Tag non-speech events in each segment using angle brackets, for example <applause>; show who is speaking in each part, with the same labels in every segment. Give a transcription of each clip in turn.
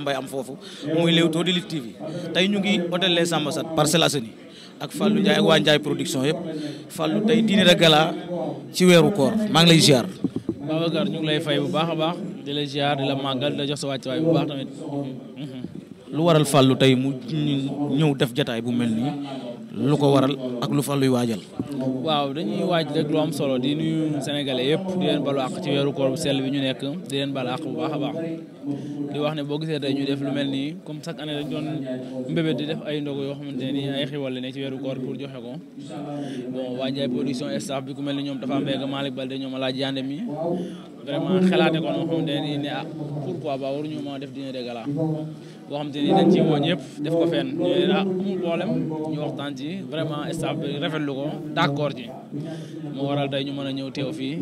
Speaker 1: mbay am foofu muy Leewtoo di Lutte TV tey ñu ngi hôtel Les Ambassades Parcelles Assainies ak Fallou Ndiaye ak waa Ndiaye production yëpp Fallou tey dîner de gala ci weeru koor maa ngi lay ziar.
Speaker 2: Babacar ñu ngi lay fay bu baax a baax di la ziar di la màggal di la jox sa wàccuwaay bu baax tamit.
Speaker 1: lu waral Fallou tey mu ñëw def jataay bu mel nii lu ko waral ak lu fa luy waajal.
Speaker 2: waaw dañuy waaj rek lu am solo di nuyu sénégalais yëpp di leen balu àq ci weeru koor bu sell bi ñu nekk di leen balu bu baax a baax di wax ne boo gisee tey ñu def lu mel nii comme chaque année dañ doon mbébét di def ay ndogu yoo xamante ne ay xiwal la ne ci weeru koor pour joxe ko bon waa Ndiaye production staff bi ku mel ni ñoom dafa am beeg Malick Balde ñoom laaj yande mi vraiment xalaate ko noo xamante ne ah ba waruñu def dîner de gala boo xam te ni dañ ci woo ñëpp def ko fenn ñu ne ah amul problème ñu waxtaan ci vraiment staff bi rafetlu ko d'accord ci moo waral tey ñu mën a ñëw teew fii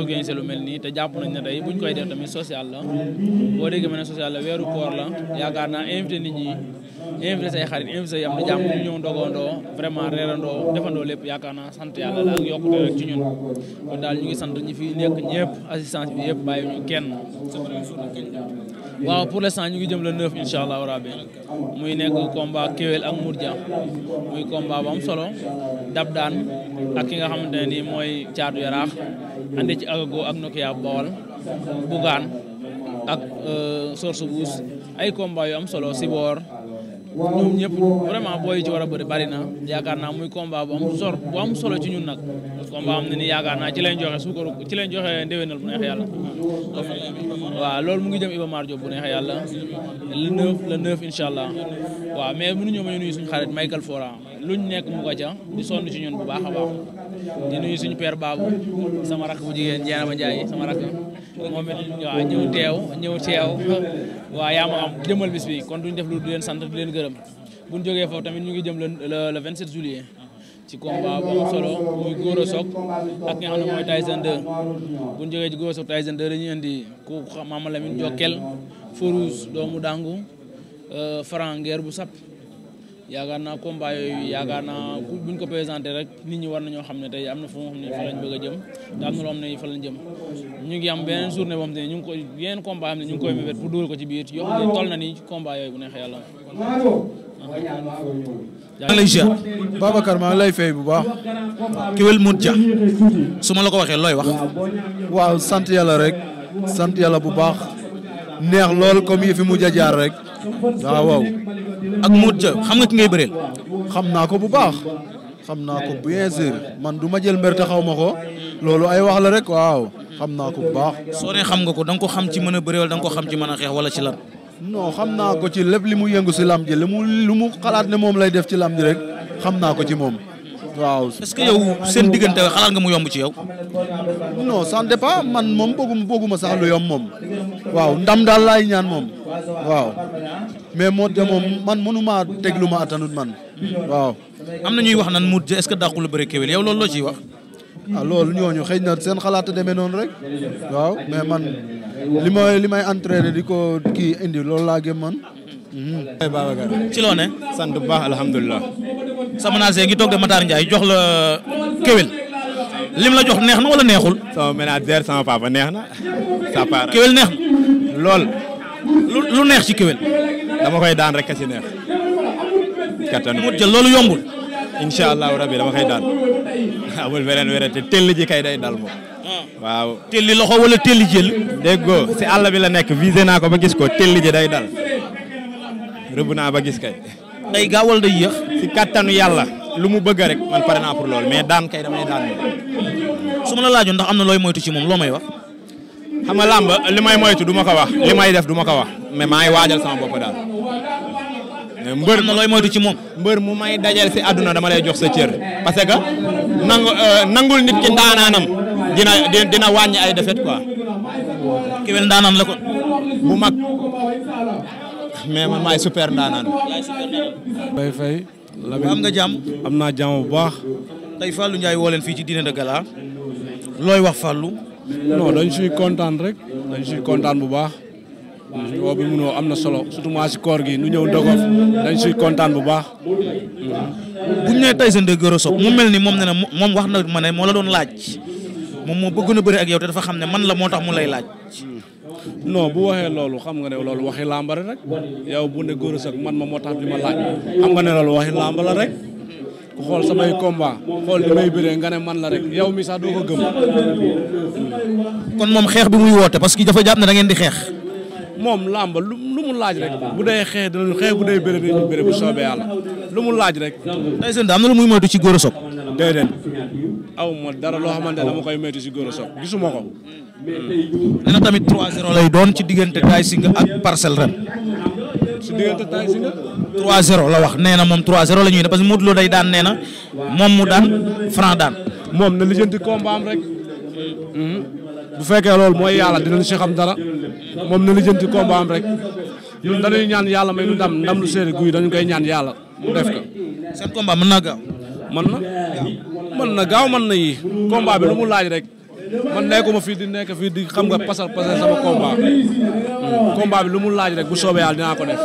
Speaker 2: organiser lu mel nii te jàpp nañ ne tey buñ koy def tamit social la boo déggee ma ne social la weeru koor la yaakaar naa invité nit ñi invité say xarit invité say am na jàmm ñu ñëw ndogandoo vraiment reerandoo defandoo lépp yaakaar naa sant yàlla la ak daal ñu ngi sant ñi fi nekk ñëpp assistance bi yëpp bàyyi ñu kenn waaw pour l'instant ñu ngi jëm le 9 incha allahu rabbi muy nekk komba Kewel ak Mourdia muy combat bu solo dab ak ki nga xamante ne nii mooy caatu yaraax andi ci agago ak Nokia Bawal bugaan ak euh, source buus ay combat yu am solo si ñoom ñëpp vraiment booy yi ci war a bëri bari na yaakaar naa muy combat bu am sor bu am solo ci ñun nag combat am na ni yaakaar naa ci lañ joxe suukaru ci lañ joxe ndéwénal bu neexee yàlla waaw loolu mu ngi jëm Iba Mar Diop bu neexee yàlla le neuf le neuf incha allah waaw mais mënuñoo ma ñu nuyu suñu xarit Michael Fora luñ nekk mu ko ca di sonn ci ñun bu baax ba baax di nuyu suñu père baabu sama rakk bu jigéen Jeena ba Ndiaye sama rakk moom it waaw ñëw teew ñëw teew waaw yaa jëmal bis bi kon duñ def lu du leen sant du leen gërëm buñ jógee foofu tamit ñu ngi jëm le le 27 juillet ci combat bu am solo muy Gora Sock ak nga xam ne mooy Tyson 2 buñ jógee ci Gora Sock Tyson 2 dañuy indi ku Mama Lamine Jokkel Farouz doomu dàngu euh, Franc Nguer bu sap yaakaar naa combat yooyu yaakaar naa buñ ko présenté rek nit ñi war nañoo xam ne tey am na fu nga xam ne fa lañ a jëm te am na loo xam ne ñu ngi am beneen journée boo xam ñu ngi ko yeneen combat ñu ngi koy mébét pour dóor ci yoo xam ne toll na ni combat yooyu bu neexee yàlla
Speaker 3: lay fay bu baax. Kewel Modou
Speaker 1: su ma la ko waxee looy wax. waaw sant yàlla rek sant yàlla bu baax neex lool comme fi mu jaar rek. waaw waaw ak Modou Dia xam nga ki ngay bëreel. xam naa ko bu baax. xam naa ko bu sûr man du ma jël mbër xaw ma ko. loolu ay wax la rek waaw. xam naa ko bu baax. soo ne xam nga ko da nga ko xam ci mën a bëree wala da ko xam ci mën a xeex wala ci lan. non xam naa ko ci lépp li mu yëngu si lam ji li lu mu xalaat ne moom lay def ci lam ji rek xam naa ko ci moom. waaw est-ce que yow seen diggante xalaat nga mu yomb ci yow. non ça dépend man moom bëgguma bëgguma sax lu yomb moom. waaw ndam daal laay ñaan moom. waaw mais moo de moom man mënuma teg lu ma attanut man. waaw. am na ñuy wax nan mu Dia est-ce que dàqul bëre kéwél yow loolu loo ciy wax. ah loolu ñooñu xëy na seen xalaat a demee noonu rek. waaw mais man li may li may entraîné di ko kii indi loolu laa gëm man. Mhm. Babacar ci loo ne. sant bu baax alhamdulilah. sa manager ngi toog de Matar Ndiaye jox la euh, kéwél lim la jox neex na neexul. sama manager papa neex na. sa part kéwél lool. lu neex ci
Speaker 4: kéwél. dama koy daan rek ka ci neex. kattan mu jël loolu yombul.
Speaker 5: incha allahu rabi dama koy daan. <laughs> telli ji kay day dal moom. Hmm.
Speaker 1: telli loxo wala telli jël. déggoo bi la nekk visé naa ba gis ko telli day dal. rëbb naa ba gis kay. day gaawal wala day yéex. si kattanu yàlla lu mu bëgga rek man pare naa pour loolu mais daan kay damay daan su ma la laajoon ndax am na looy moytu ci moom loo may wax. xam nga làmb li may moytu du ma ko wax li may def du ma ko wax mais maa ngi waajal sama bopp daal. mbër am na looy moytu ci moom. mbër mu may dajal si àdduna dama lay jox sa cër. parce que nangu euh, nangul nit ki ndaanaanam dina dina wàññi ay defet quoi. kéwél ndaanaan la kon. bu mag. mais
Speaker 4: man maay super ndaanaan. Mbaye Faye.
Speaker 1: am nga jàmm am naa jàmm bu baax. tey Fallou Ndiaye woo fii ci dîner de gala. looy wax Fallou.
Speaker 4: non dañ suy kontaan rek dañ suy kontaan bu baax. woo bi munoo am na solo
Speaker 1: surtout maa si koor gi nu ñëw ndogof
Speaker 4: dañ suy kontaan bu baax. buñ ne
Speaker 1: Tyson de Gora Sock mu mel ni moom ne na moom wax na ma ne moo la doon laaj. moom moo bëgg na bëri ak yow te dafa xam ne man la moo tax mu lay laaj.
Speaker 4: non bu waxee loolu xam nga ne loolu waxi làmba rek yow bu ne góor ak man ma moo tax di ma xam nga ne loolu waxi làmba la rek ku xool samay combat xool li may bëree nga ne man la rek yow mi sax doo ko gëm.
Speaker 1: kon moom xeex bi muy woote parce que dafa jàpp ne da ngeen di xeex.
Speaker 4: moom làmba lu mu laaj rek bu dee xeex dinañu xeex bu dee bëre dinañu bëre bu soobee yàlla lu mu laaj rek.
Speaker 1: Tyson da am na lu muy moytu ci góor a soog.
Speaker 4: déedéet aw ma dara loo xamante ne dama koy métti si Gora Sock gisuma ko.
Speaker 1: Mm. nee tamit 3-0 lay doon ci diggante Tay Shinger ak Parcelles ren.
Speaker 4: si diggante Tay Shinger.
Speaker 1: 3-0 la wax nee na moom 3-0 la ñuy def parce que daan nee na moom mu daan Franc daan. moom na lijjanti combat am rek.
Speaker 4: Mm-hmm. bu fekkee loolu mooy yàlla dinañ si xam dara moom na lijjanti combat am rek ñun ñaan yàlla may nu ndam ndam lu seeri guy dañu koy ñaan yàlla mu def ko. seen combat mën naa gaaw. man na na gaaw man na yi combat bi lu mu laaj rek man nekkuma fii di nekk fii di xam nga pasar hmm, lu mu laaj rek bu soobee yàlla dinaa ko def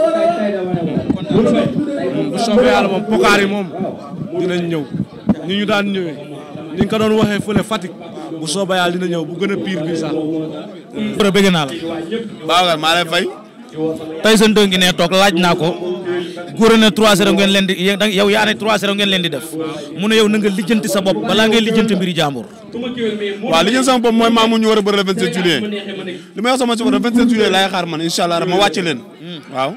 Speaker 6: hmm, bu soobee yàlla
Speaker 4: moom pokaar yi moom dinañ ñëw ñi ñu daan ñëwee ni nga ko doon waxee fële Fatick bu soobee yàlla dina ñëw bu gën a
Speaker 1: pire bi sax. bëgg
Speaker 4: naa la.
Speaker 7: Babacar
Speaker 1: fay. tey sa ndongi ne laaj naa ko. góor na 3-0 ngeen leen di yow yaa ne ngeen leen def mu ne yow na nga lijjanti sa ngay lijjanti mbiri jàmbur. waaw lijjanti sama bopp mooy maamu ñu war a bëri le 27 juillet li may wax sama si le 27 juillet laay xaar man incha allah ma wàcce leen waaw.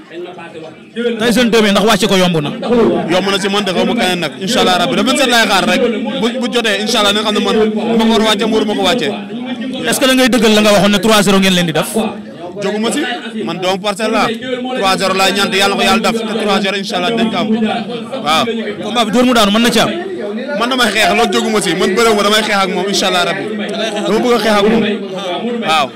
Speaker 1: tey seen demee ndax wàcce ko yomb na. yomb na si man de xaw ma nag incha rabbi le 27 laay xaar rek na nga xam ma ko war a wàcce ma waruma ko wàcce. ngay dëggal joguma si man doomu parcelle la 3-0 laay ñaan yàlla ko yàlla daf te 3-0 incha allah waaw. combat bi dóor mu daan man na ci am. man damay xeex loolu joguma si man bëre ma damay xeex rabbi dama bëgg a xeex ak moom
Speaker 7: waaw.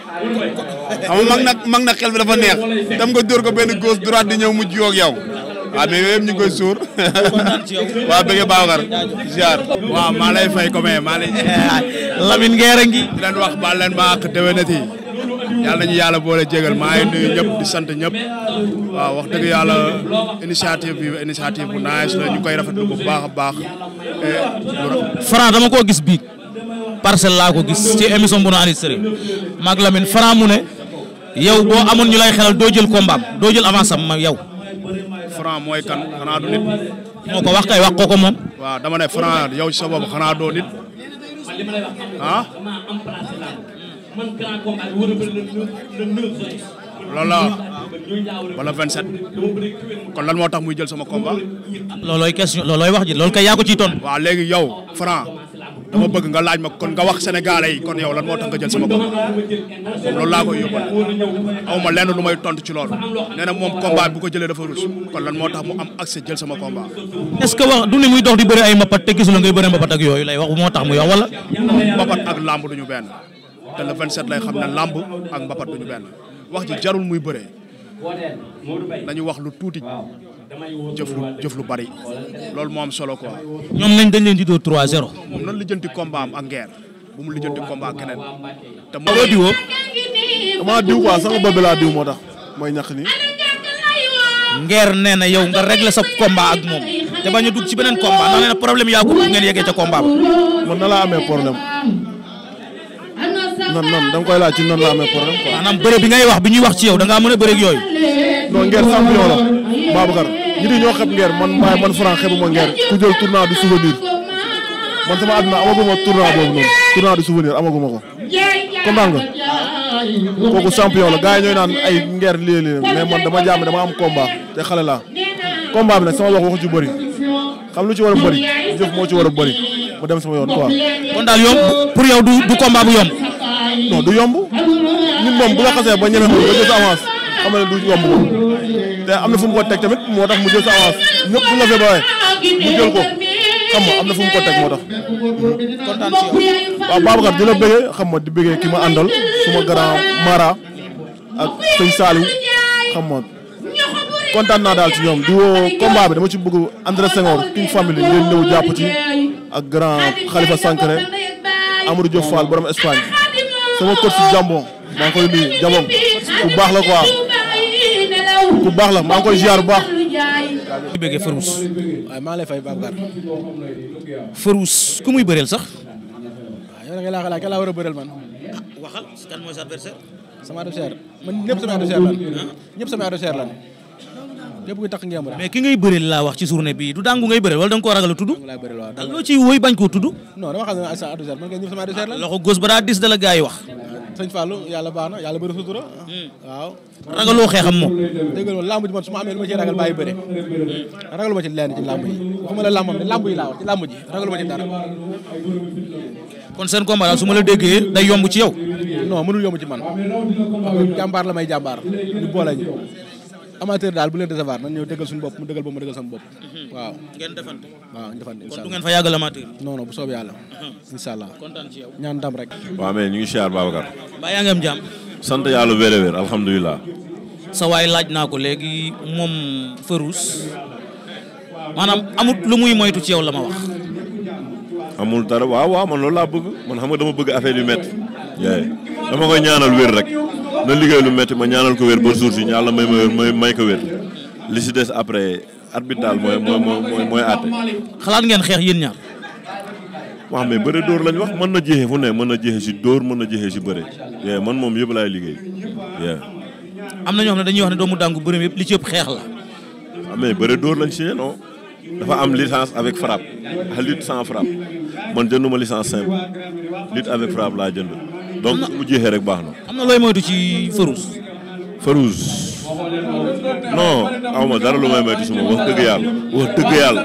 Speaker 7: xam nga mag nag mag nag xel bi dafa neex dem nga dóor ko benn gauche droite di ñëw mujj yoog yow. waaw mais yooyu yëpp ñu ngi koy suur <laughs> waaw bëgg Babacar
Speaker 5: ziar waaw maa lay fay comme maa lay <laughs> Lamine Gueye ngi di leen wax baal leen ma ak yàlla nañu yàlla boole jégal maa ngi ñëpp di sant ñëpp waaw wax dëgg yàlla initiative bi initiative bu nice la ñu koy rafetlu bu baax a baax.
Speaker 1: Franc dama ko gis biig parcelle laa ko gis ci émission bu nu enregistré maag Lamine Franc mu ne yow boo amoon ñu lay xelal doo jël combat doo ma yow.
Speaker 5: Franc mooy kan xanaa du moo
Speaker 1: ko wax kay wax ko ko moom.
Speaker 5: waaw dama ne Franc yow ci xanaa doo
Speaker 7: ah. man grand combat bi war
Speaker 5: kon lan moo tax muy jël sama combat. loolooy question loolooy wax ji loolu kay yaa ko ciy tontu. waaw léegi yow Franc dama bëgg nga laaj ma kon nga wax sénégalais yi kon yow lan moo tax nga jël sama combat loolu laa koy yóbbal aw ma lenn lu may tontu ci loolu nee na moom combat bu ko jëlee dafa rus kon lan moo tax mu am accès jël sama komba
Speaker 1: est-ce que wax du ne muy dox di bëri ay mbapat te gisul ngay bëri mbapat ak yooyu lay wax moo tax muy wax wala.
Speaker 5: mbapat ak lamb duñu benn. te le 27 lay xam ne làmb ak mbapat duñu benn wax ji jarul muy bëree nañu wax lu tuuti jëf lu jëf lu bari loolu moo solo ko
Speaker 1: ñoom nañ dañ leen di dóor 3-0.
Speaker 5: moom nan lijjanti combat am ak ngeer bu mu lijjanti combat ak
Speaker 1: te moo loo diwoo. damaa diw quoi bi laa moo tax mooy ñàkk nii. ngeer nee na yow nga régler sa combat ak moom te bañ a ci beneen combat ndax nee na problème yaa ko ngeen yeggee ca combat ba. na laa amee problème.
Speaker 2: non non da koy laaj
Speaker 8: ci non la amee problème quoi. maanaam bëre bi ngay wax bi ñuy wax ci yow da ngaa mën a bëre ak yooyu.
Speaker 6: non Nguer champion la
Speaker 2: Babacar ñi di ñoo xeb
Speaker 8: Nguer man maay man Franc xebuma Nguer ku jël tournoi du souvenir man sama àdduna amaguma tournoi boobu noonu du souvenir amaguma ko comprendre
Speaker 9: nga kooku champion la gars yi ñooy naan ay
Speaker 8: Nguer lii lii mais man dama jàmm dama am combat te xale laa
Speaker 9: combat bi nag sama wax
Speaker 8: waxu ci bëri xam lu ci war a bëri jëf moo ci war a bëri ma dem sama yoon quoi. kon daal yomb bu yomb. non du yomb ñun moom bu la xasee ba ñeme nga jël avance yomb am na fu mu ko teg tamit moo tax mu jël avance ñëpp bu la fee bawee mu jël ko xam
Speaker 9: nga am na fu mu ko teg moo tax. kontaan ci xam
Speaker 8: nga di bëggee ki ma àndal suma grand Mara sëñ Saliou xam nga naa daal ci ñoom di woo combat bi dama ci bëgg André Senghor King Family ngeen ñëw jàpp ci ak grand xalifa Sankare Amadou Diop Fall borom Espagne.
Speaker 9: sama coach jambon maa ngi koy nuyu jambon ku baax la quoi ku
Speaker 7: baax la maa ngi koy bu baax. ñu bëggee Farouz. waaye maa lay fay Babacar.
Speaker 1: Farouz ku muy bëreel sax.
Speaker 3: waaw yow da nga laa xalaat war a bëreel man. waxal kan mooy sa adversaire. sama adversaire man ñëpp sama adversaire ñëpp sama adversaire lan. képp kuy takk ngemb
Speaker 1: ki ngay bëreel la wax ci ne bi du daangu ngay bëreel wala da nga koo ragal a tudd ak loo ciy woy bañ koo tudd
Speaker 3: non dama sa adversaire man kay ñëpp sama adversaire la
Speaker 1: loxo gos ba daa dis da la gars yi wax
Speaker 3: sëñ Fallou yàlla baax yàlla bëri sutura hmm. waaw xeexam moom dëgg man su ma amee lu ma ciy ragal bàyyi bëre ragaluma ci lenn ci lamb yi la lambam la lamb yi laa wax ci lamb ji ragaluma ci dara
Speaker 1: kon seen combat su ma la déggee day yomb ci yow
Speaker 3: no mënul yomb ci man jàmbaar la may jàmbaar ñu boole ñu amateur daal bu leen recevoir nan ñëw dëggal suñu bopp mu dëggal ba mu dëggal sama bopp mhm. waaw ngeen defante waaw ñu defante fa yàggal amateur bu soob yàlla mhm. incha allah kontaan ci yow ñaan ndam rek waaw
Speaker 8: mais ñu ngi siyaar baa mbaa yaa ngi sant yàlla wér wér alhamdulilah
Speaker 1: sa waay laaj naa ko léegi
Speaker 8: moom Farouz maanaam amut lu muy moytu ci yow la ma wax amul waaw waaw man loolu laa bëgg man xam nga dama bëgg affaire yu métti dama koy ñaanal wér rek na liggéey lu metti ma ñaanal ko wér ba jour yi yàlla may ma wér may may ko wér li si des après arbitre daal mooy mooy mooy xalaat ngeen xeex yéen ñaar. waaw mais bëre dóor lañ wax mën na jeexee fu ne mën na jeexee si dóor mën na jeexee si bëre yee man moom yëpp laay liggéey yee. am
Speaker 1: na ñoo xam ne dañuy wax ne doomu dàngu bëre yëpp li ci yëpp
Speaker 8: xeex la. waaw ah, mais bëre dóor lañ signé non dafa am licence avec frappe ak lutte sans frappe man jënduma licence simple lutte laa jënd. donc mu jeexee rek baax na. am na looy moytu
Speaker 1: ci Farouz.
Speaker 8: Farouz non aw ma dara lu may moytu su wax dëgg yàlla wax dëgg yàlla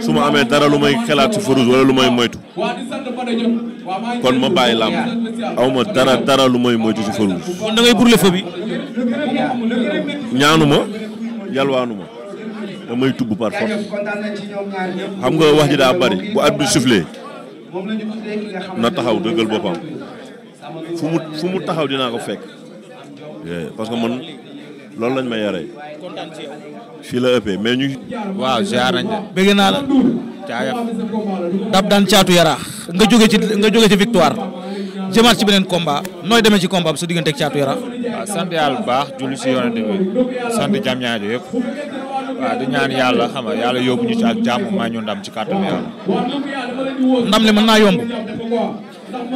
Speaker 8: su ma amee dara lu may xalaat ci Farouz wala lu may moytu
Speaker 3: kon ma bàyyi làmb
Speaker 8: aw ma dara dara lu may moytu ci Farouz. da ngay brûler bi. ñaanu ma yalwaanu ma damay tubb par force
Speaker 1: xam
Speaker 4: wax ji daa bari
Speaker 8: bu at
Speaker 9: na taxaw dëggal
Speaker 8: boppam. fu mu fu mu taxaw dinaa ko fekk parce que man loolu lañ ma yaree fii la ëppee mais ñu. waaw ziar nañ la. bëgg naa la. caayam.
Speaker 1: dab daan caatu yaraax. nga jóge ci nga jóge ci victoire. jëmaat ci beneen combat nooy demee ci combat bi sa digganteeg caatu yaraax. waaw sant yàlla bu baax julli si yoonent bi sant jam ñaajo yëpp. waaw di ñaan yàlla xam nga yàlla yóbbu ñu ci ak jàmm maa ñu ndam ci kàttan yàlla. ndam li mën naa yomb.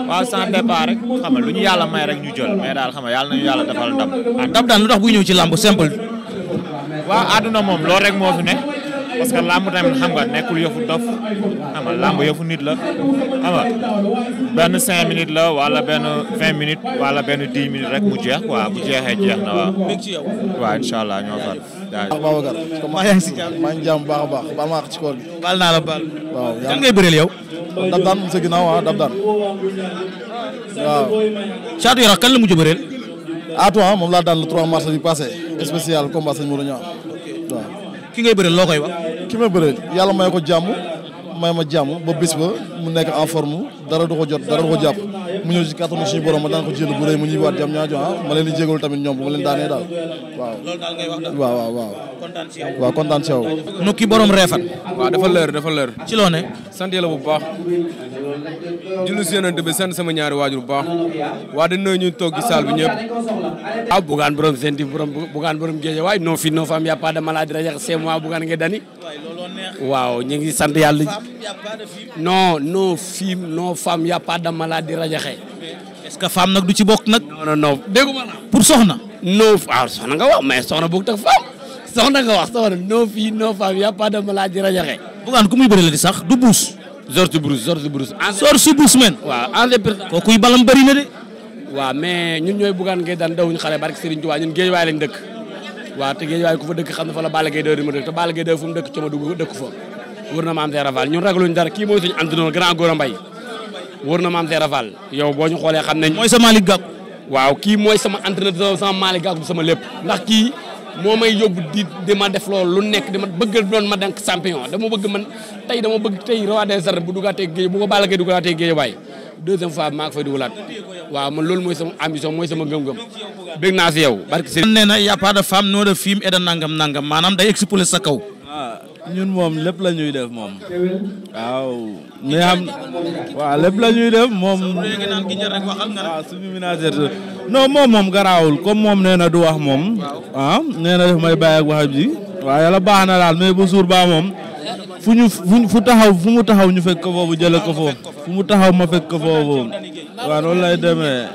Speaker 4: waaw sans départ rek
Speaker 1: xam nga lu ñu yàlla may rek ñu jël mais daal xam nga yàlla nañu yàlla defal ndam. ah ndam daan lu tax buy ñëw ci làmb simple.
Speaker 8: moom loolu rek moo fi ne. parce que làmb tamit xam nga nekkul yëfu dof xam nga nit la xam nga benn cinq minutes la wala benn vingt minutes wala benn dix minutes rek mu jeex quoi bu jeexee jeex na wa waaw incha allah ñoo far.
Speaker 1: waaw Babacar. maa ngi si jàmm a baax baal maa ci gi. baal naa la baal. waaw kan ngay bëreel yow.
Speaker 6: dab daan sa ginnaaw ah dab daan. waaw.
Speaker 1: Thiatou Yarakh ah, daan le 3 mars bi passé spécial combat sëñ Modou Niang waaw. ki ngay bëreel loo ki may bëre yàlla may ko jàmm may ma jàmm ba bis ba mu nekk en forme dara du ko jot dara du ko jàpp mu ñëw ci kàttanu suñu borom ma daan ko jël bu rëy mu ñibbiwaat jàmm ñaa jox ma leen di jégalu tamit ñoom bu ma leen daanee daal
Speaker 3: waaw. waaw waaw waaw. kontaan ci yow waaw kontaan ci yow. nu ki borom reefan. waaw dafa leer dafa leer. ci loo ne.
Speaker 1: sant
Speaker 7: bu baax. julli si yonent bi sant sama ñaari waajur bu baax waa dañ na ñu toog ci salle bi a ah bugaan borom sentif borom bugaan borom géej waay non fi a pas de maladie bugaan nga dani waaw ñu ngi sant yàlla non non film non femme a pas de maladie rajaxe est-ce que femme nag du ci bokk nag non non non dégguma la pour soxna non ah soxna nga wax mais soxna bokk tak soxna nga wax soxna non fii non femme y a pas bugaan ku muy sax du buus
Speaker 1: George Bush George Bush. Ah, men.
Speaker 7: waaw en député. kooku yi balam bëri na de. waaw mais ñun ñooy Bougane Gueye Dany dawuñu xale barke Serigne Touba ñun Guédiawaye lañ dëkk. waaw te Guédiawaye ku fa dëkk xam na fa la Balla Gaye 2 ma dëkk te Balla Gaye 2 fu mu dëkk coono dugg dëkk na maam Seera Fall ñun ragaluñ dara kii mooy suñu entraîneur grand Gora Mbaye. wër na maam Seera Fall yow boo ñu xoolee xam nañ. mooy sama Malick Gakou. waaw kii mooy sama entraîneur sama Malick Gakou sama lépp ndax kii moo may yóbbu di di ma def loolu lu nekk di ma bëgg doon ma denk champion dama bëgg man tey dama bëgg tey roi des arènes bu dugaatee géej bu ko Balla Gaye dugaatee géej waay deuxième fois maa ngi fay dugalaat waaw man loolu mooy sama ambition mooy sama gëm-gëm
Speaker 1: bëgg naa si yow. barke nee na y a pas de femme non de film et de nangam nangam maanaam day expulsé sa kaw. Ah, ñun moom lépp la ñuy def moom. waaw. ñu xam waaw lépp la ñuy def moom. waaw ah, suñu ménagère
Speaker 4: non moom moom garaawul comme moom nee na du wax moom. ah def may bàyyi ak wax ji. waaw yàlla baax na daal mais bu suur ba moom. fu ñu taxaw fu mu taxaw ñu
Speaker 1: fekk ko foofu jëlee ko foofu. fu mu taxaw ma fek ko foofu. waaw
Speaker 4: loolu lay demee.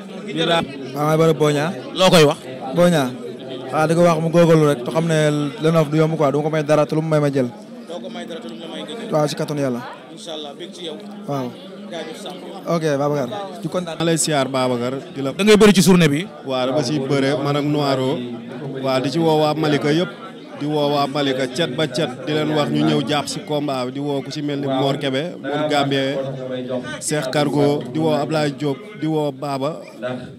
Speaker 1: maa ngi Boña. loo koy wax. Boña. waaw ah, di mu góorgóorlu rek te xam ne
Speaker 10: mu may ma ko may dara te lu mu la may gën
Speaker 1: waaw si ci yow. waaw.
Speaker 10: ok Babacar. di kontaan ma la. da ngay bëri ci journée bi. waaw Malika yëpp. di woo waa Malika cet ba cet di leen wax ñu ñëw jàpp si combat bi di woo ku si mel ni Mor Kebe Mor Gambie Cheikh Cargo di woo Ablaye Diop di woo baaba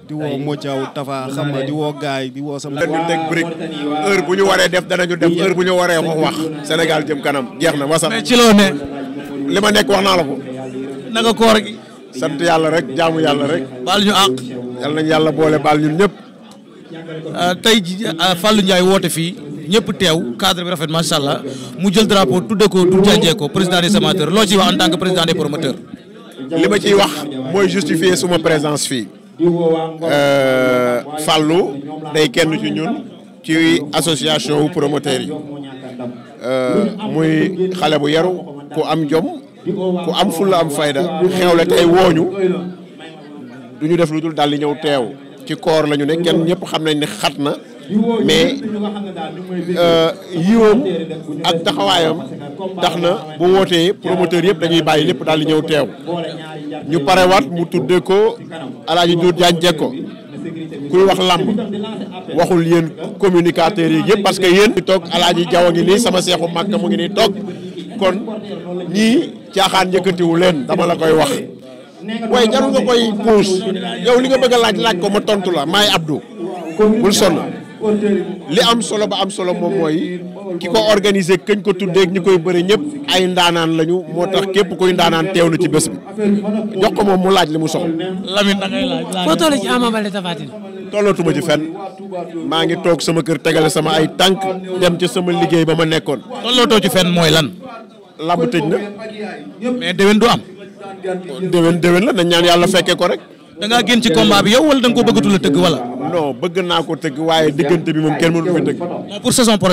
Speaker 10: di woo Modiaw Tafa xam nga di woo gaay di woo sama ñu bu ñu waree def danañu
Speaker 11: def bu ñu waree wax Sénégal jëm kanam jeex na wasal mais ci loo ne li ma nekk wax naa la ko naka koor gi yàlla rek jaamu yàlla rek baal ñu àq yàlla nañu yàlla boole baal ñun ñëpp ah, tey ji ah, woote fii ñëpp
Speaker 1: teew cadre bi rafet macha allah mu jël drapeau tudde ko du jànjee ko président des amateurs loo ciy wax en tant que président
Speaker 11: des promoteurs. li ma ciy wax mooy justifier suma présence fii. Euh, Fallou day kenn ci ñun ci association wu promoteurs yi euh, muy xale bu yaru ku am jom ku am fulla am fayda xew la tey wooñu du ñu def lu dul daal di ñëw teew ci koor la ñu kenn ñëpp xam nañ ne xat na mais yiwoom euh, ak taxawaayam tax na bu wootee promoteur yëpp dañuy bàyyi lépp daal di ñëw teew ñu pare parewaat mu tuddee ko alaaji Doudou Diagne ko kuy wax làmb waxul yéen communicateurs yi yëpp parce que yéen i toog alaaji Jaw a ngi nii sama seexu màkk mu ngi nii toog kon ñii caaxaan njëkkatiwu leen dama la koy wax waaye jarul nga koy puus yow li nga bëgg a laaj laaj ko ma tontu la maay Abdou bul sonn li am solo ba am solo moom mooy ki ko organisé këñ ko tuddee ak ñi koy bëri ñëpp ay ndaanaan lañu moo tax képp kuy ndaanaan teew na ci bés bi jox ko moom mu laaj li mu sox
Speaker 12: Lamine da ngay laaj. ci Ama
Speaker 11: tollootuma ci fenn maa ngi toog sama kër tegale sama ay tànk dem ca sama liggéey ba ma nekkoon. tollootoo ci fen mooy lan. làmb tëj na. mais déwén du am. déwén déwén la nañ ñaan yàlla fekkee ko rek. da ngaa génn ci combat bi yow wala da nga koo bëggatul a tëgg wala. non bëgg naa ko tëgg waaye diggante bi moom kenn mënu fi tëgg. pour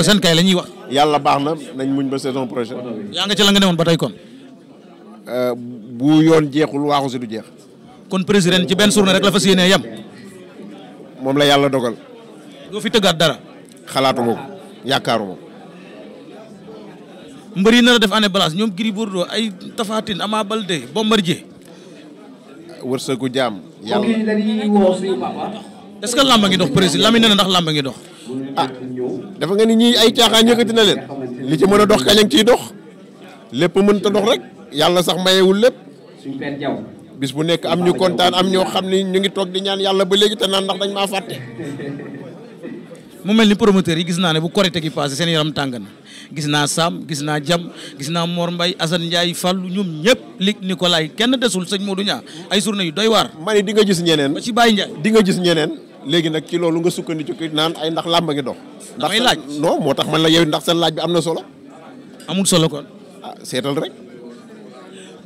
Speaker 11: yàlla baax na nañ muñ ba saison prochaine. yaa
Speaker 1: nga ci la nga newoon ba tey kon.
Speaker 11: Euh, bu yoon jeexul waaxu si du jeex.
Speaker 1: kon président ci benn surne rek la fas yéenee yem.
Speaker 11: moom la yàlla dogal. doo fi tëggaat dara. xalaatuma ko yaakaaruma
Speaker 1: ko. mbër yi nar a def année balance ñoom Gris Bordeaux ay Tapha Tine Ama Baldé Bombardier wërsëgu jaam.
Speaker 10: yàlla
Speaker 11: est-ce que làmb ngi dox président Lamine nee na ndax làmb ngi dox. ah dafa nga ni ñii ay caaxaan yëkkati leen li ci mën a dox kañ ciy dox lépp mën ta dox rek yàlla sax mayewul lépp bis bu nekk am ñu kontaan am ñoo xam ni ñu ngi toog di ñaan yàlla ba léegi te naan ndax dañ maa fàtte.
Speaker 1: mu mel ni promoteur yi gis naa ne bu korite gi passé seen yaram tàng na gis naa saam gis naa Jam gis naa moor Mbaye Assane Ndiaye Fallou ñoom ñëpp
Speaker 11: lig Nicolas kenn desul sëñ du ñaa ay journée yu doy waar. ma yi di nga gis ñeneen. ba ci Baye Ndiaye di gis ñeneen. léegi na ci loolu nga sukkandi ci naan ay ndax làmba ngi dox. damay laaj non moo tax man la yow ndax seen laaj bi am na solo. amul solo kon. ah seetal rek.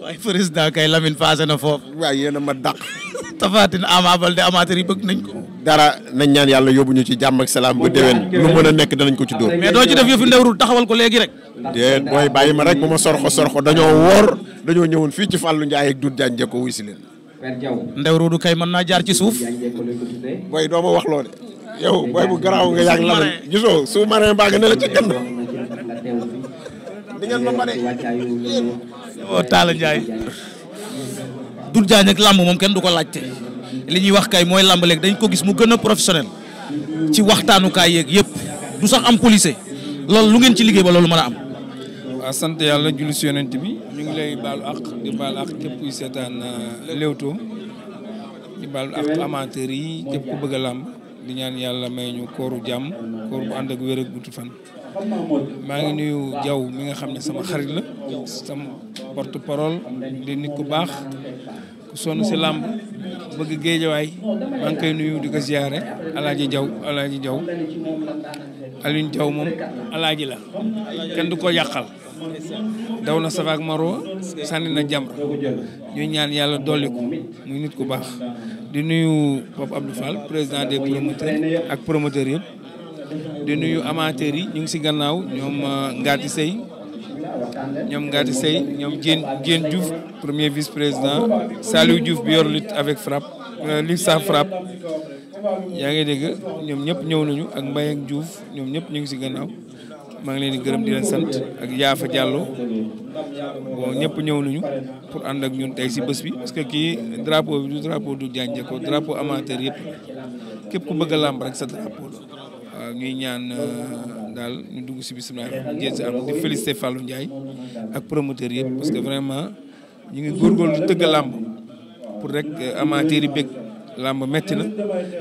Speaker 11: waaye président kay Lamine passé na foofu. waaw yéen a ma dàq. <laughs> Tafaatine Ama Baldé amateur yi bëgg nañ ko. dara nañ ñaan yàlla yobu ñu ci jàmm ak salaam ba déwén lu mën a nekk danañ ko ci dóor. mais doo ci def yëfu ndewrul taxawal ko léegi rek. déet booy bàyyi ma rek bu ma sorxo sorxo dañoo woor dañoo ñëwoon fii ci Fallou Ndiaye ak Doudou Diagne Diecko si leen. ndewru du kay man naa jaar ci suuf. booy doo ma wax loo de yow booy bu garaaw nga yàgg la gisoo sous-marin baa nga ne la ca gànnaaw. di Oh, Talla Ndiaye.
Speaker 1: Doudou Diagne nag làmb moom kenn du ko laajte li ñuy wax kay mooy làmb léegi dañ ko gis mu gën a professionnel ci waxtaanukaay yeeg yëpp du sax am policier loolu lu ngeen ci liggéey ba loolu man a am.
Speaker 10: waaw sant yàlla julli si yonent bi ñu ngi lay baalu ak di baalu ak képp kuy seetaan euh, Leewtoo di baalu ak amateur yi képp ku bëgg a làmb di ñaan yàlla may ñu kooru jàmm koor bu ànd ak wér ak gudd fan. maa ngi nuyu jaww mi nga xam ne sama xarit la sama porte parole di nit ku baax ku sonn si làmb bëgg géejawaay maa ngi koy nuyu di ko ziyaare alaaji jaw alaaji jaw
Speaker 7: Alioune moom alaaji la kenn du ko yàqal daw na safaak marwa sànni na jamra
Speaker 10: ñu ñaan yàlla dolli ko muy nit ku baax di nuyu Pape Abdou Fall président des promoteurs ak promoteurs yëpp di nuyu amateurs yi ñu ngi si gannaaw ñoom euh, Ngati Sey ñoom Ngati Sey ñoom Diène Diène Diouf premier vice président Saliou juuf bi yor lutte avec frappe euh, lutte sans frappe yaa ngi dégg ñoom ñëpp ñëw nañu ak mbay ak Diouf ñoom ñëpp ñu ngi si gannaaw maa ngi leen di gërëm di leen sant ak Yaafa Diallo bon ñëpp ñëw nañu pour ànd ak ñun tey si bës bi parce que kii drapeau bi du drapeau du jànje ko drapeau amateur yëpp képp ku bëgg a làmb rek sa drapeau la. waaw ñuy ñaan euh, daal ñu dugg si bisimilah jël si am di félicité Fallou Ndiaye ak promoteur yëpp parce que vraiment ñu ngi góorgóorlu tëgg làmb pour rek euh, amateur yi bëgg làmb metti na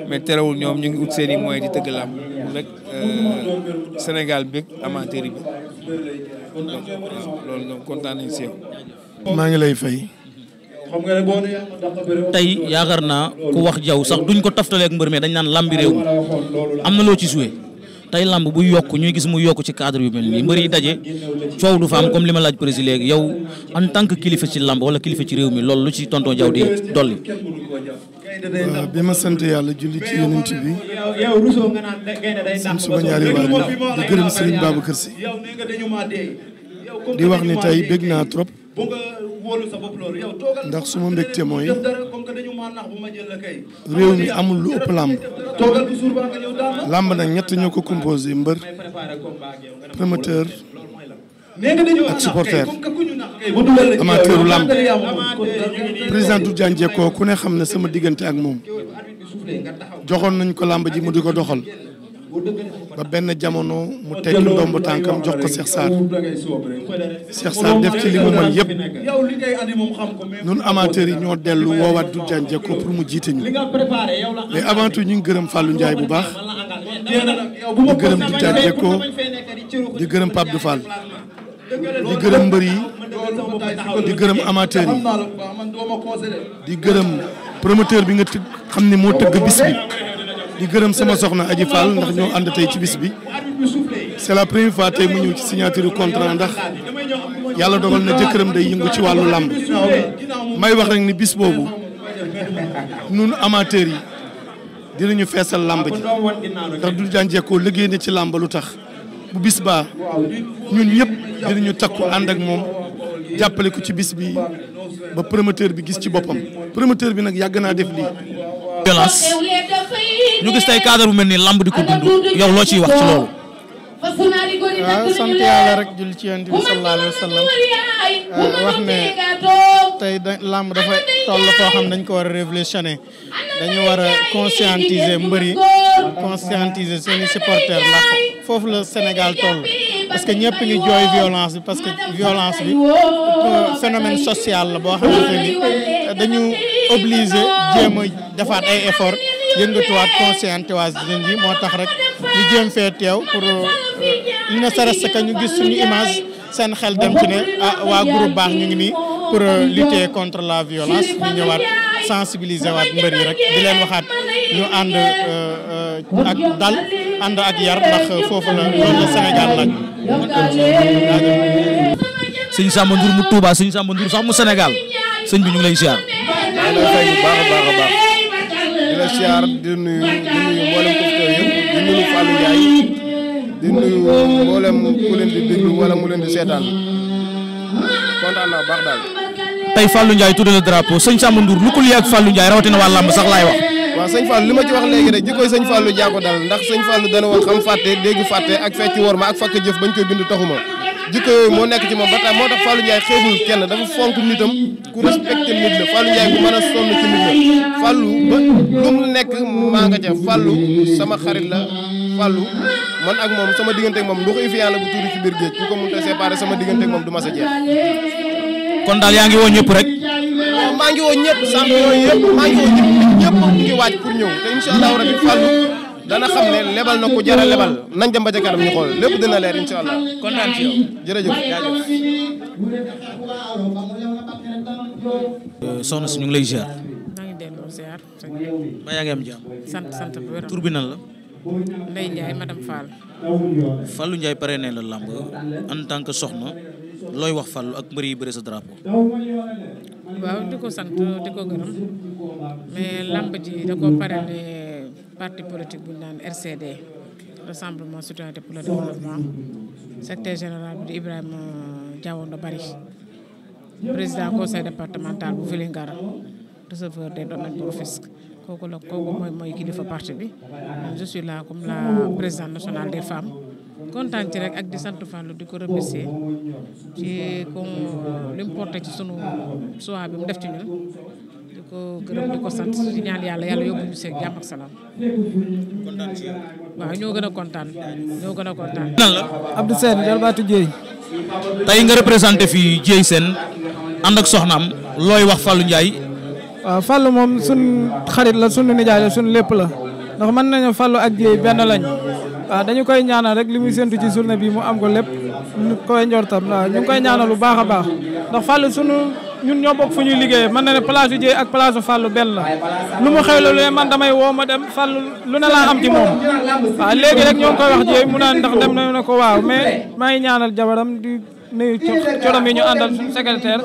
Speaker 10: mais terewul ñoom ñu ngi wut seen i moyens di tëgg làmb pour rek euh, Sénégal bëgg amateur yi bëgg donc loolu donc kontaan nañ maa ngi lay fay. tey
Speaker 1: yaakaar naa ku wax jaw sax duñ ko taftaleeg mbër mi dañ naan làmbi réew am na loo ci suwe tey làmb bu yokk ñuy gis mu yokk ci cadre yu mel nii mbër yi daje coow du fa am comme li ma laaj président léegi yow en tant que kilifa ci làmb wala kilifa ci réew mi loolu lu ci tonton jaw di dolli bi ma sant suma ñaari waajur di gërëm Serigne Babacar Sy di wax ni tey bég naa trop wóolu loolu yow
Speaker 13: toogal ndax su mbégte mooy def
Speaker 1: dara comme que bu ma jël la kay
Speaker 13: réew mi amul lu ëpp làmb toogal làmb nag ñett ñoo ko composé mbër promoteur ak supporter
Speaker 1: amateuru làmb président du jànjee ko ku ne xam
Speaker 13: ne sama diggante ak moom joxoon nañ ko làmb ji mu di ko doxal ba benn jamono mu tekki ndomb tànkam jox ko Cheikh Sarr
Speaker 10: Cheikh Sarr def ci li mu mën yëpp
Speaker 1: ñun amateurs yi ñoo dellu woowaat Doudou
Speaker 13: Diagne pour mu jiite ñu mais avant tout gërëm fàllu Ndiaye bu baax
Speaker 10: di gërëm Doudou Diagne
Speaker 13: di gërëm Pape Dou
Speaker 3: di gërëm mbër yi
Speaker 13: di gërëm amateurs
Speaker 3: yi
Speaker 13: di gërëm promoteur bi nga xam ni moo tëgg bis bi. di gërëm sama soxna Aji Fall ndax ñoo ànd tey ci bis bi c'est la première tey mu ñëw ci signature contrat ndax
Speaker 9: yàlla dogal na jëkkëram day yëngu ci wàllu làmb
Speaker 13: may wax rek ni bis boobu nun amateurs yi dinañu feesal làmb ji ndax du jànjeekoo liggéey na ci làmb lu tax bu bis baa ñun ñëpp dinañu takku ànd ak moom jàppale ko ci bis bi ba promoteur bi gis ci boppam promoteur bi nag yàgg naa def lii
Speaker 12: Galaas ñu gis tey cadre bu
Speaker 13: mel ni lamb di ko dund yow loo ciy wax ci loolu.
Speaker 12: waaw
Speaker 6: ah, sant yàlla
Speaker 9: rek jul ci yonent eh, wax ne tey da làmb dafa tolla koo xam dañ ko war a ne dañu war a conscientiser mbër yi conscientiser seeni supporters ndax foofu la Sénégal toll parce que ñëpp ngi jooy violence bi parce que violence bi phénomène social la boo xamante dañu obligé jéem defaat ay effort yëngatuwaat conscientiser nit ñi moo tax rek ñu jéem fee teew pour li na sares ka ñu gis suñu image seen xel dem ci ne ah waa groupe baax ñu ngi nii pour euh, lutter contre la violence ñu ñëwaat sensibiliser waat mbër yi rek di leen waxaat ñu ànd euh, euh, ak dal ànd ak yar ndax foofu la loolu la Sénégal laaj
Speaker 1: sëñ Samba Ndour mu Touba sëñ Samba Ndour sax mu Sénégal
Speaker 6: sëñ bi ñu ngi lay ziar
Speaker 7: ngi lay fay bu baax a baax a baax
Speaker 9: di la siyaar di nuyu di nuyu mboolem kofto yëpp di nuyu Fallou Ndiaye mboolem ku leen di déglu wala mu leen di seetaan kontaan naa baax daal. tey Fallou Ndiaye tudd na drapeau sëñ Samba Ndour lu ko lii ak Fallou Ndiaye rawatina waa làmb sax wax. waaw sëñ Fallou li ma ci wax léegi rek jikkoy sëñ Fallou jaa ko ndax sëñ Fallou dana woon xam fàtte dégg fàtte ak fecc wor ma ak fakk jëf bañ koy bind taxuma jikko yooyu moo nekk ci moom ba tax moo tax Fallou Ndiaye xeebul kenn dafa fonk nitam ku respecté nit la Fallou Ndiaye mën a sonn ci nit la Fallou lu mu nekk maa nga ca Fallou sama xarit la Fallou man ak moom sama diggante ak moom ndox yi fi yàlla bu tuuru ci biir géej ku ko mënut a séparé sama diggante ak moom du ma sa jeex. kon daal yaa ngi woo ñëpp rek. maa ngi woo ñëpp champion yooyu yëpp maa ngi woo ñëpp ñëpp ngi waaj pour ñëw te incha allahu rabi dana xam ne lebal na ku jara lebal nañ dem ba ca kanam ñu lépp dina leer incha allah kontaan ci
Speaker 12: yow
Speaker 1: euh, si ñu ngi lay ziar.
Speaker 12: maa ngi delloo ziar. ba yaa ngi am jàmm. sant sant bu wér. tur bi nan la. Ndeye Ndiaye madame Fall.
Speaker 1: Fallou Ndiaye pare ne la làmb en tant que soxna looy wax Fallou ak mbër yi bëri sa drapeau.
Speaker 12: waaw di ko sant di ko gërëm mais làmb ji da ko pare ne parti politique bu ñu naan RCD rassemblement citoyen pour le développement secrétaire général bi di Ibrahima Diawondo Bari président conseil départemental bu Vélingara receveur des domaines bu Rufisque kooku la kooku mooy mooy kilifa parti bi je la comme la présidente nationale des femmes kontaan ci rek ak di sant Fallou di ko remercier ci comme euh, li mu ci sunu choix bi mu def ci ñun ko gërëm di ko sant di ñaan yàlla yàlla yóbbu ñu seeg jàmm ak salaam. kontaan ci ñoo gën kontaan ñoo gën a kontaan. nan la Abdou
Speaker 1: Sène
Speaker 6: nga
Speaker 12: représenté
Speaker 1: fii Dieye seen ànd soxnaam
Speaker 6: looy wax Fallou Ndiaye. waaw Fallou moom sun xarit la sunu nijaay la sunu lépp la ndax mën nañu Fallou ak Dieye benn lañ waaw dañu koy ñaanal rek li muy séntu ci journée bi mu am ko lépp ñu koy njortam waaw ñu koy ñaanal lu baax a baax sunu. ñun ñoo bokk fu ñuy liggéeye man na ne place yu Dieye ak place yu Fallou benn la lu mu xew la lu man damay woo ma dem Fallou lu ne laa am ci moom waaw léegi rek ñoo ngi koy wax Dieye mu naan ndax dem na ne ko waaw mais maa ngi ñaanal jabaram di nuyu corom yi ñu àndal suñu
Speaker 10: secrétaire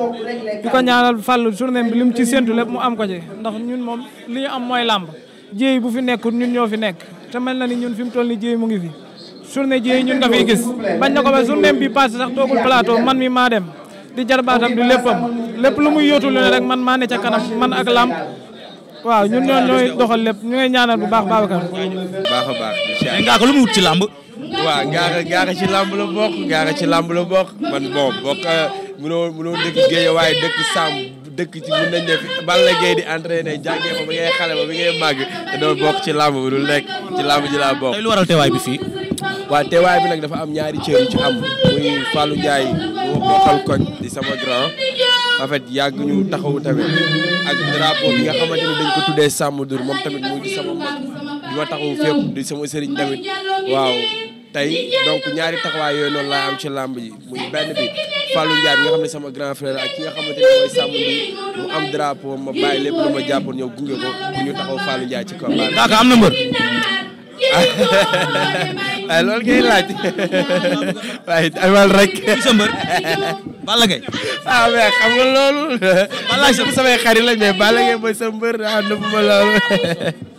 Speaker 10: di ko
Speaker 6: ñaanal Fallou journée bi li mu ci séntu lépp mu am ko ci ndax ñun moom li ñu am mooy làmb Dieye bu fi nekkul ñun ñoo fi nekk te mel na ni ñun fi mu toll ni Dieye mu ngi fi journée Dieye ñun nga fiy gis bañ na ko ba journée bi passé sax toogul plateau man mi maa dem di jarbaatam di léppam lépp lu muy yóotu lu ne man maa ne ca kanam man ak lamb waaw ñun ñoo ñooy doxal lépp ñu ngay ñaanal bu baax Babacar.
Speaker 7: baax a baax incha lu mu ci lamb. waaw gaara
Speaker 6: gaara ci lamb la
Speaker 7: bokk ci lamb la bokk man bon bokk euh, mënoo mënoo dëkk Guèye waaye dëkk Sam dëkk ci mën nañ ne Balla Gaye di entraîné jàngee ba bi ngay xale ba bi ngay màgg te doo bokk ci lamb bu dul nekk ci lamb ji laa bokk. tey lu waral teewaay bi fii. waaw teewaay bi nag dafa am ñaari cër ci am muy Fallou Ndiaye mu bokkal koñ di sama grand en fait yàgg ñu taxawu tamit ak drapeau bi nga xamante ni tuddee Samb Ndour moom tamit mu di sama mag di sama sëriñ tamit waaw
Speaker 6: tey donc
Speaker 7: ñaari taxawaay yooyu noonu laa am ci làmb yi muy benn bi Fallou Ndiaye bi nga xam sama grand frère ak ki nga
Speaker 6: xamante ne mooy Samb Ndour
Speaker 7: mu am drapeau ma bàyyi lépp lu ma jàppoon ñëw gunge ko bu ñu taxaw Fallou Ndiaye am na mbër.
Speaker 9: <laughs> waaye ah, loolu ngay laaj <laughs> waaye aywaal rek. <laughs> sa mbër Balla Gaye ah mais xam nga loolu. Balla Gaye <laughs> samay xarit lañ mais Balla Gaye mooy sa mbër ah nëbbuma loolu.